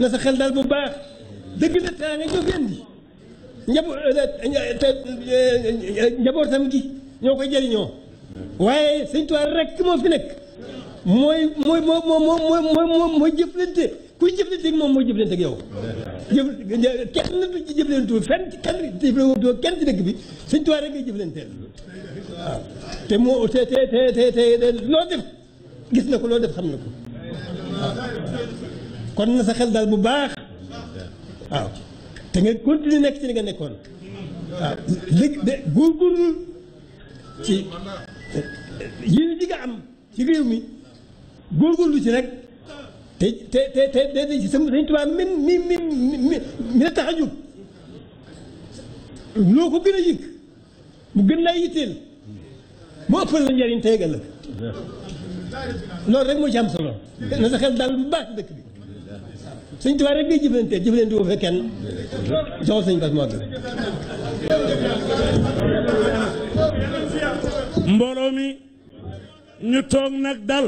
لا تخل دال بباخ دك دك انا جو جندي نيبور آه، آه، تامكي نيوكو جيري نيو واي سيني توار رك مو في نك موي موي مو مو مو مو مو مو مو جيبلنتي كوي جيبلنتي مو مو جيبلنتي يو كين جيبلنتو فين كين جيبلنتو كين دك بي سيني توار رك جيبلنتي آه. تي مو تي تي تي تي تي نودف جسنا كلودف خمنكو Thank you. kon na sa xel daal bu baax waaw te nga continuer nekk ci li nga nekkoon waaw léegi de góorgóorlu ci yéen ji nga am ci réew mi góorgóorlu ci rek te te te te te ci Sëñ Tuubaa min mi mi mi mi la tax a jóg loo ko gën a yëg mu gën laa yitteel mu ëppal la njariñ tey ëllëg loolu rek moo ci am solo na sa xel daal bu baax dëkk bi sëñ Tuubaa rek ngay jëflante jëflante woo fa kenn joxol mi ñu toog nag dal